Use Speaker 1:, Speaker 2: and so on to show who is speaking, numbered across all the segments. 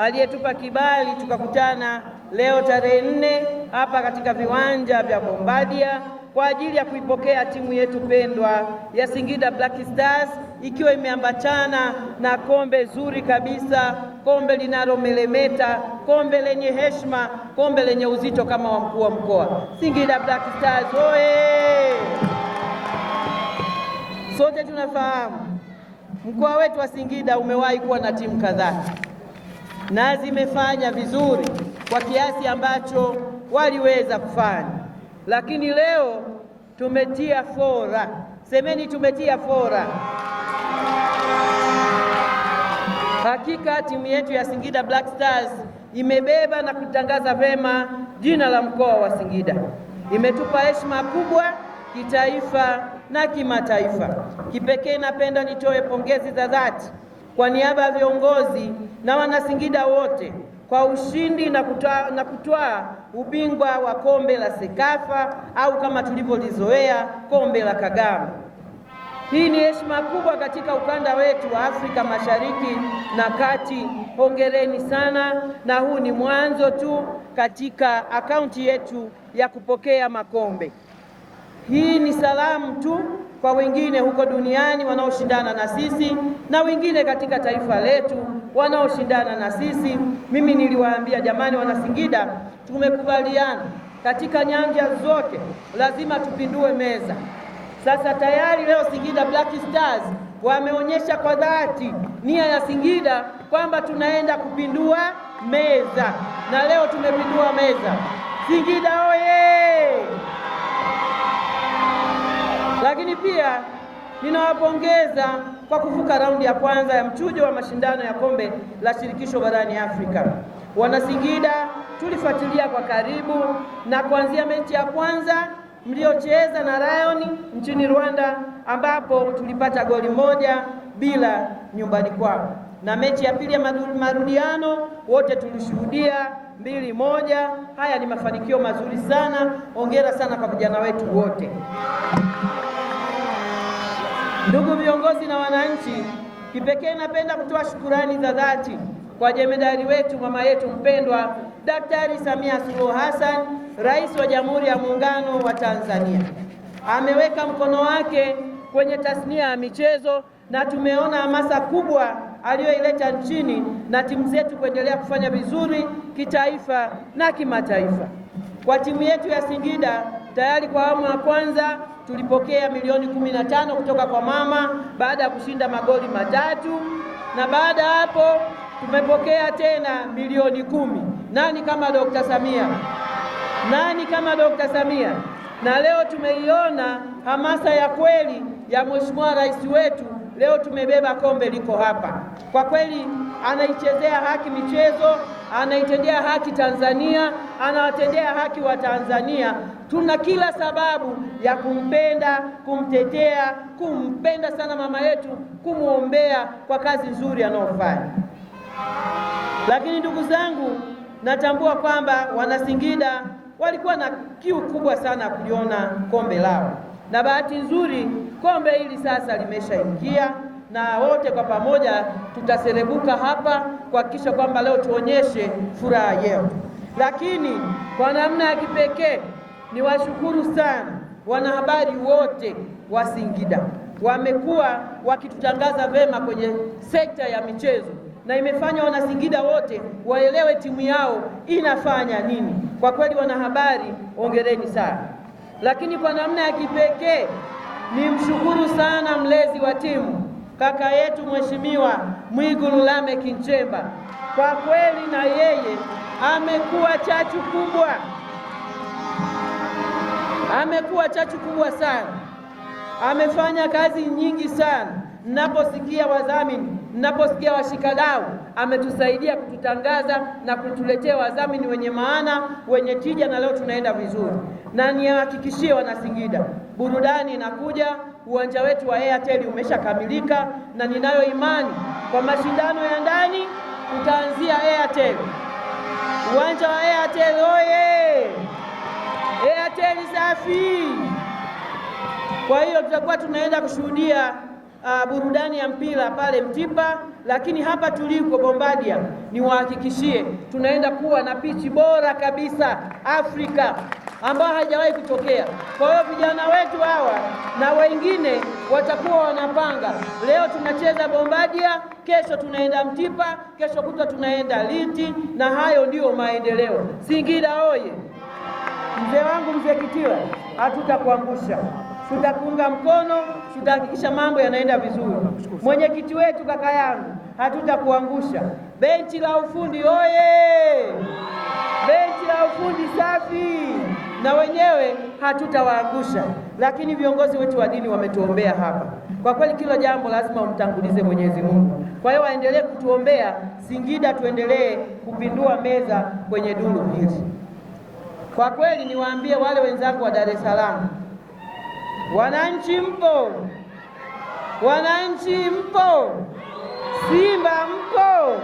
Speaker 1: aliyetupa kibali tukakutana leo tarehe nne hapa katika viwanja vya Bombadia kwa ajili ya kuipokea timu yetu pendwa ya Singida Black Stars ikiwa imeambatana na kombe zuri kabisa, kombe linalomelemeta, kombe lenye heshima, kombe lenye uzito kama wa mkuu wa mkoa. Singida Black Stars oye! Sote tunafahamu mkoa wetu wa Singida umewahi kuwa na timu kadhaa na zimefanya vizuri kwa kiasi ambacho waliweza kufanya, lakini leo tumetia fora. Semeni tumetia fora. Hakika timu yetu ya Singida Black Stars imebeba na kutangaza vema jina la mkoa wa Singida, imetupa heshima kubwa kitaifa na kimataifa. Kipekee napenda nitoe pongezi za dhati kwa niaba ya viongozi na wanasingida wote kwa ushindi na kutwaa na ubingwa wa kombe la Sekafa au kama tulivyolizoea kombe la Kagame. Hii ni heshima kubwa katika ukanda wetu wa Afrika Mashariki na Kati. Hongereni sana, na huu ni mwanzo tu katika akaunti yetu ya kupokea makombe. Hii ni salamu tu kwa wengine huko duniani wanaoshindana na sisi na wengine katika taifa letu wanaoshindana na sisi. Mimi niliwaambia jamani, wana Singida, tumekubaliana katika nyanja zote lazima tupindue meza. Sasa tayari leo Singida Black Stars wameonyesha kwa dhati nia ya Singida kwamba tunaenda kupindua meza, na leo tumepindua meza. Singida oye! pia ninawapongeza kwa kuvuka raundi ya kwanza ya mchujo wa mashindano ya kombe la shirikisho barani Afrika. Wanasingida tulifuatilia kwa karibu na kuanzia mechi ya kwanza mliocheza na Lion nchini Rwanda ambapo tulipata goli moja bila nyumbani kwao, na mechi ya pili ya marudiano wote tulishuhudia mbili moja. Haya ni mafanikio mazuri sana. Hongera sana kwa vijana wetu wote. Ndugu viongozi na wananchi, kipekee napenda kutoa shukurani za dhati kwa jemedari wetu mama yetu mpendwa Daktari Samia Suluhu Hassan, Rais wa Jamhuri ya Muungano wa Tanzania. Ameweka mkono wake kwenye tasnia ya michezo na tumeona hamasa kubwa aliyoileta nchini na timu zetu kuendelea kufanya vizuri kitaifa na kimataifa. Kwa timu yetu ya Singida tayari kwa awamu ya kwanza tulipokea milioni 15 kutoka kwa mama baada ya kushinda magoli matatu, na baada ya hapo tumepokea tena milioni kumi. Nani kama Dr. Samia? Nani kama Dr. Samia? Na leo tumeiona hamasa ya kweli ya Mheshimiwa Rais wetu. Leo tumebeba kombe liko hapa. Kwa kweli anaichezea haki michezo, anaitendea haki Tanzania, anawatendea haki wa Tanzania Tuna kila sababu ya kumpenda, kumtetea, kumpenda sana mama yetu, kumwombea kwa kazi nzuri anayofanya. Lakini ndugu zangu, natambua kwamba Wanasingida walikuwa na kiu kubwa sana ya kuliona kombe lao, na bahati nzuri kombe hili sasa limeshaingia, na wote kwa pamoja tutaserebuka hapa kuhakikisha kwamba leo tuonyeshe furaha yao, lakini kwa namna ya kipekee Niwashukuru sana wanahabari wote wa Singida, wamekuwa wakitutangaza vema kwenye sekta ya michezo na imefanya wanasingida wote waelewe timu yao inafanya nini. Kwa kweli, wanahabari, ongereni sana. Lakini kwa namna ya kipekee nimshukuru sana mlezi wa timu kaka yetu Mheshimiwa Mwigulu Lameck Nchemba, kwa kweli na yeye amekuwa chachu kubwa amekuwa chachu kubwa sana, amefanya kazi nyingi sana. Mnaposikia wadhamini, mnaposikia washikadau, ametusaidia kututangaza na kutuletea wadhamini wenye maana, wenye tija, na leo tunaenda vizuri. Na wana singida burudani inakuja. Uwanja wetu wa Airtel umeshakamilika, na ninayo imani kwa mashindano ya ndani tutaanzia Airtel, uwanja wa Airtel oye! safi. Kwa hiyo tutakuwa tunaenda kushuhudia uh, burudani ya mpira pale Mtipa, lakini hapa tuliko Bombadia, niwahakikishie tunaenda kuwa na pichi bora kabisa Afrika ambayo haijawahi kutokea. Kwa hiyo vijana wetu hawa na wengine watakuwa wanapanga. Leo tunacheza Bombadia, kesho tunaenda Mtipa, kesho kutwa tunaenda Liti, na hayo ndiyo maendeleo. Singida oye! Mzee wangu mzee Kitila, hatutakuangusha, tutakuunga mkono, tutahakikisha mambo yanaenda vizuri. Mwenyekiti wetu kaka yangu, hatutakuangusha. Benchi la ufundi oye! Benchi la ufundi safi, na wenyewe hatutawaangusha. Lakini viongozi wetu wa dini wametuombea hapa, kwa kweli kila jambo lazima umtangulize Mwenyezi Mungu. Kwa hiyo waendelee kutuombea Singida, tuendelee kupindua meza kwenye duru hili. Kwa kweli niwaambie wale wenzangu wa Dar es Salaam, wananchi mpo, wananchi mpo, Simba mpo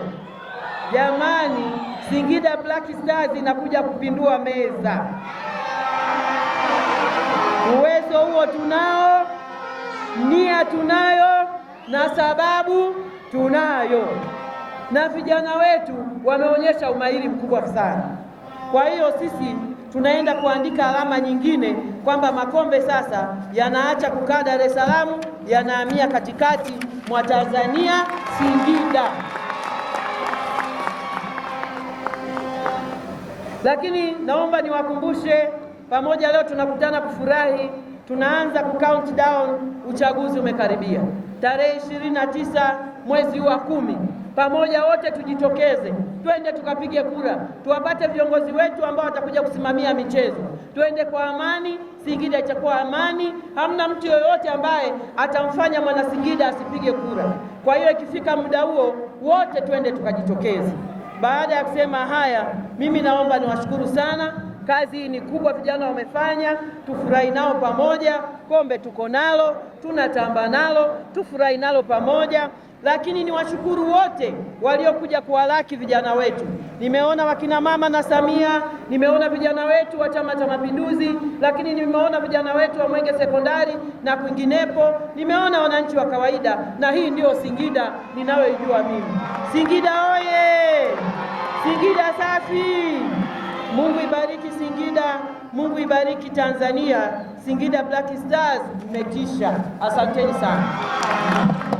Speaker 1: jamani. Singida Black Stars inakuja kupindua meza. Uwezo huo tunao, nia tunayo, na sababu tunayo, na vijana wetu wameonyesha umahiri mkubwa sana. Kwa hiyo sisi tunaenda kuandika alama nyingine kwamba Makombe sasa yanaacha kukaa Dar es Salaam, yanahamia katikati mwa Tanzania, Singida. Lakini naomba niwakumbushe, pamoja leo tunakutana kufurahi, tunaanza ku count down, uchaguzi umekaribia tarehe 29 mwezi wa kumi. Pamoja wote tujitokeze twende tukapige kura, tuwapate viongozi wetu ambao watakuja kusimamia michezo. Twende kwa amani, Singida itakuwa amani, hamna mtu yoyote ambaye atamfanya mwanasingida asipige kura. Kwa hiyo ikifika muda huo wote twende tukajitokeze. Baada ya kusema haya, mimi naomba niwashukuru sana. Kazi hii ni kubwa, vijana wamefanya, tufurahi nao pamoja. Kombe tuko nalo, tunatamba nalo, tufurahi nalo pamoja lakini ni washukuru wote waliokuja kuwalaki vijana wetu. Nimeona wakina mama na Samia, nimeona vijana wetu wa Chama cha Mapinduzi, lakini nimeona vijana wetu wa Mwenge Sekondari na kwinginepo, nimeona wananchi wa kawaida, na hii ndiyo Singida ninayoijua mimi. Singida oye! Singida safi! Mungu ibariki Singida, Mungu ibariki Tanzania. Singida Black Stars imetisha. Asanteni sana.